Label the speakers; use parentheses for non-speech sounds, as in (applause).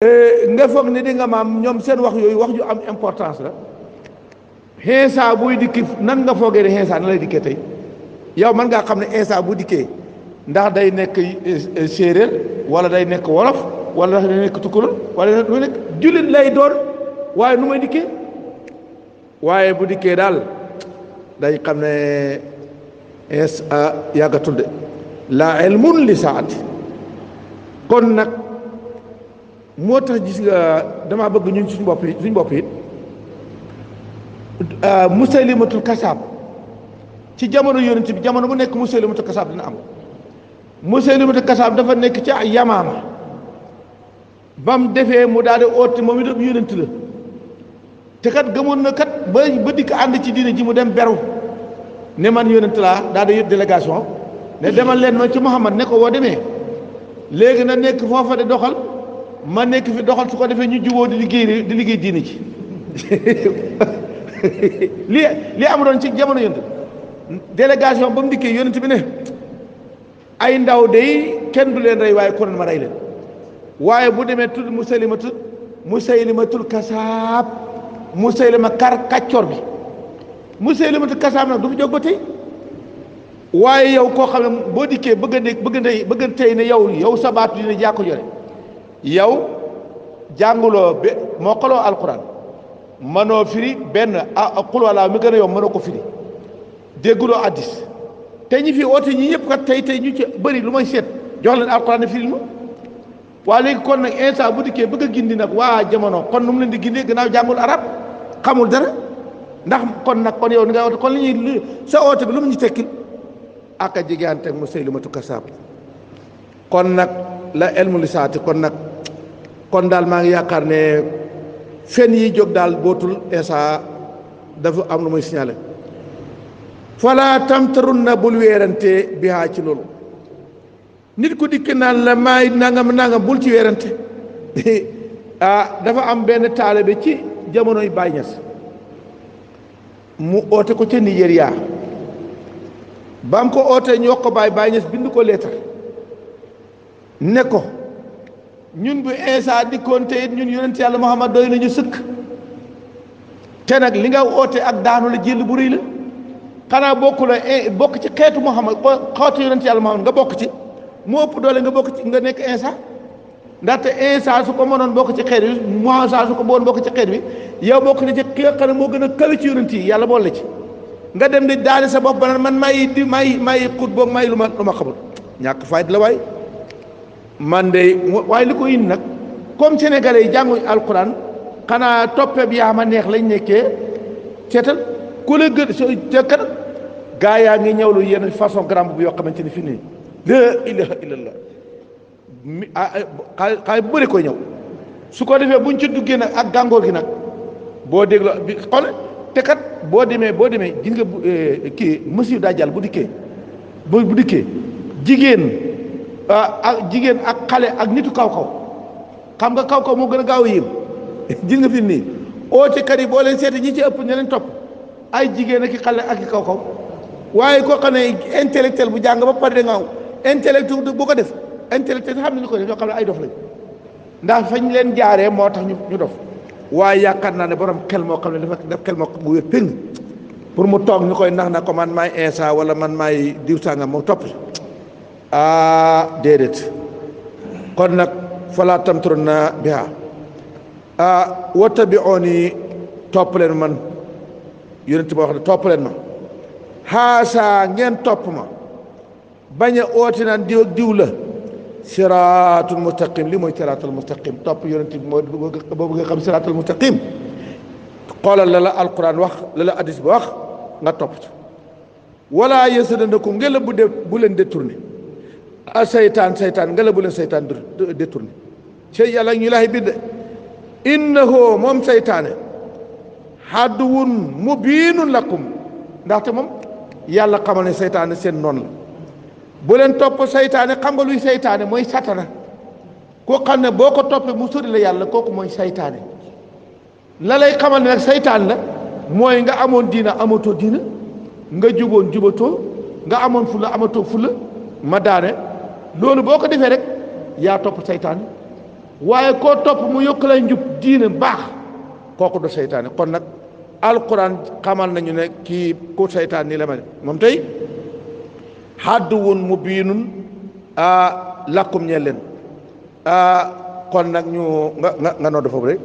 Speaker 1: Eh, nga foog ne di nga maam ñoom seen wax yooyu wax ju am importance la xeesa buy dikki nan nga foogee ne xeesa na lay dikkee tey yow man ngaa xam ne xeesa bu dikkee ndax day nekk eh, eh, séeréer wala day nekk wolof wala day nekk tukkulal wala lu nekk jullit lay doon waaye nu may dikkee waaye bu dikkee daal day xam ne xeesa yàggatul de la ilmun li saati kon nag moo tax gis nga damaa bëgg ñun suñu bopp suñu bopp it euh, musalimatul kasaab ci jamono yonent bi jamono bu nekk musalimatul kasaab dina am musalimatul kasaab dafa nekk ci yamaama ba mu defee mu daal di oote moom itam yonent la te kat gëmoon na kat ba ba dikk ànd ci diine ji mu dem beru ne man yonent laa daal di yóbbu délégation ne demal leen ma ci Muhammad ne ko woo demee léegi na nekk foofa de doxal. ma nekk fi doxal su ko defee ñu juboo di liggéey di liggéey diine ci (laughs) li li am doon ci jamono yonent délégation ba mu dikkee yonent bi ne ay ndaw day kenn du leen rey waaye konoon ma rey leen waaye bu demee tudd musaylimatul musaylimatul kasaab musaylima kar kàccoor bi mu musaylimatul kasaab nag du fi jóg ba tey waaye yow koo xam ne boo dikkee bëgg a bëgg a bëgg tey ne yow yow sabaatu dina jaa ko jore yow jànguloo be moo xoloo alquran mënoo firi benn ah xul wala mi gën a yow mënoo ko firi dégguloo addis te ñi fi oote ñi ñëpp kat tey tey ñu ci bëri lu may seet jox leen alquran ne firi ma waa léegi kon nag instant bu dikkee bëgg a gindi nag waa jamono kon nu mu leen di gindee gannaaw jàngul arab xamul dara ndax kon nag kon yow ni nga oote kon li ñuy sa oote bi lu mu ñu tekkil aka jigéen teg mu sëy lu ma tukka saab kon nag la elmu lisaati kon nag kon daal maa ngi yaakaar ne fen yi jog daal bootul ESA dafa am lu muy signalé fala tamtarun na bul weerante bihaa ci loolu nit ku dikk naan la maay nangam nangam bul ci weerante (laughs) ah dafa am benn taalibe ci jamonoy Baay Ñas mu oote ko ca Nigéria bam ko oote ñu wax ko Baay Baay Ñas bind ko leetar ne ko ñun bu Isa dikkoon te it ñun yonent yàlla Muhammad doy nañu sëkk te nag li nga oote ak daanu la jël bu rëy la xanaa bokk la eh, bokk ci xeetu Muhammad xeetu yonent yàlla nga bokk ci moo doole nga bokk ci nga nekk Isa ndaxte Isa su ko mënoon bokk ci xeet bi Muhammad su ko mënoon bokk ci xeet bi yow bokk na ci ki nga ne moo gën a kawe ci yàlla boole ci nga dem di daani sa bopp ba man may di may may xut lu ma lu ma xamul ñàkk fayit la waay man de waaye li ko indi nag comme sénégalais yi jànguñ alquran xanaa toppe bi yaa ma neex lañ nekkee seetal ku la gaa yaa ngi ñëwlu yenn façon grand bu yoo xamante ni fi nii laa ilaha illallah xaay bu bëri koy ñëw su ko defee buñ ci duggee nag ak gàngoor gi nag boo déglu bi xool te kat boo demee boo demee gis nga eh, kii monsieur Dajjal bu dikkee bu dikkee jigéen Ah, ak jigéen ak xale ak nitu kaw-kaw xam nga kaw-kaw moo gën a gaaw a yéem (laughs) gis nga fi nii ootekat yi boo leen seete ñi ci ëpp ña leen topp ay jigéen ak i xale ak i kaw-kaw waaye koo xam ne intellectuel bu jàng ba pare da nga intellectuel boo ko def intellectuel xam ne ñu koy def ñoo xam ne ay dof lañ ndax fañ leen jaaree moo tax ñu dof waaye yaakaar naa ne borom xel moo xam ne dafa def xel moo bu wér péng pour mu toog ñu koy nax na ko man maay insa wala man maay diw sàngam moo topp ah déedéet kon nag falaa tamtarunna biha ah wattabi'uni topp leen man yonent ba wax ne topp leen ma xaasa ngeen topp ma bañ a ooti naan diw ak diw la siraatul mustaqim li mooy siraatul mustaqim topp yonent bi moo boobu nga xam siraatul mustaqim xoolal la la alquran wax lala la ba wax nga topp wala yeesu dana ko ngeen la bu dee bu leen détourné a seytaan seytaan ngelaw bu leen seytaan détourné ci yàlla ñu lay bind innahu moom seytaane xadduwun mubinun lakum ndaxte moom yàlla xamal ne seytaane seen noon la bu leen topp seytaane xam nga luy seytaane mooy satana koo xam ne boo ko toppee mu sori la yàlla kooku mooy seytaane la lay xamal ne nag seytaan la mooy nga amoon diina amatoo diina nga juboon jubatoo nga amoon fula amatoo fula ma daane loolu boo ko defee rek yaa topp seytaane waaye koo topp mu yokk lay njub diine baax kooku du seytaane kon nag alquran xamal nañu ne kii ku seytaan nii la mel moom tey xadduwun mu biinun lakkum ñeel leen kon nag ñu nga nga nga rek